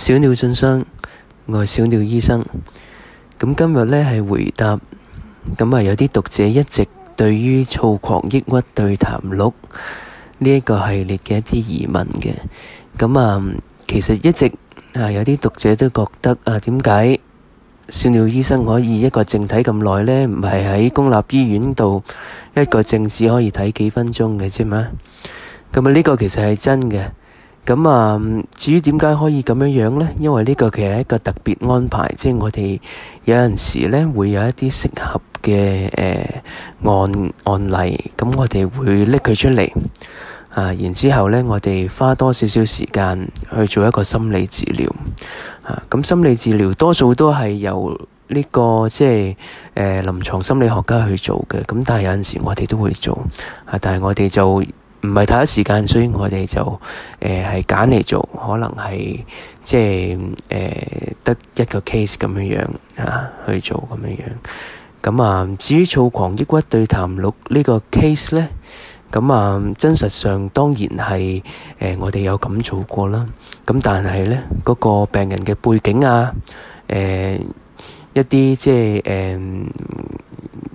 小鳥進生，我係小鳥醫生。咁今日咧，係回答，咁啊有啲讀者一直對於《躁狂抑鬱對談錄》呢一個系列嘅一啲疑問嘅。咁啊，其實一直啊有啲讀者都覺得啊，點解小鳥醫生可以一個症睇咁耐咧？唔係喺公立醫院度一個症只可以睇幾分鐘嘅啫嘛？咁啊呢個其實係真嘅。咁啊，至於點解可以咁樣樣咧？因為呢個其實一個特別安排，即係我哋有陣時咧會有一啲適合嘅誒案案例，咁我哋會拎佢出嚟啊，然之後咧我哋花多少少時間去做一個心理治療啊。咁心理治療多數都係由呢個即係誒臨床心理學家去做嘅。咁但係有陣時我哋都會做啊，但係我哋就～唔係太多時間，所以我哋就誒係揀嚟做，可能係即係誒得一個 case 咁樣樣啊去做咁樣樣。咁啊，至於躁狂抑鬱對談錄呢個 case 咧，咁啊真實上當然係誒我哋有咁做過啦。咁但係咧嗰個病人嘅背景啊，誒一啲即係誒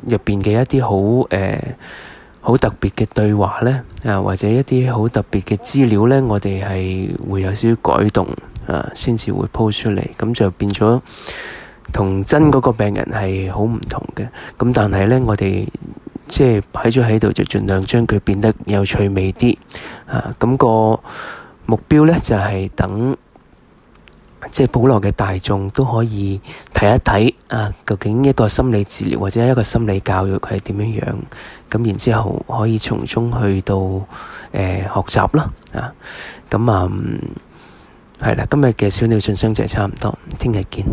入邊嘅一啲好誒好特別嘅對話呢，啊或者一啲好特別嘅資料呢，我哋係會有少少改動，啊先至會鋪出嚟，咁就變咗同真嗰個病人係好唔同嘅。咁但係呢，我哋即係擺咗喺度，就盡量將佢變得有趣味啲，啊咁個目標呢，就係等。即係普羅嘅大眾都可以睇一睇啊，究竟一個心理治療或者一個心理教育係點樣樣？咁然之後可以從中去到誒、呃、學習啦啊！咁、嗯、啊，係啦，今日嘅小鳥信箱就係差唔多，聽日見。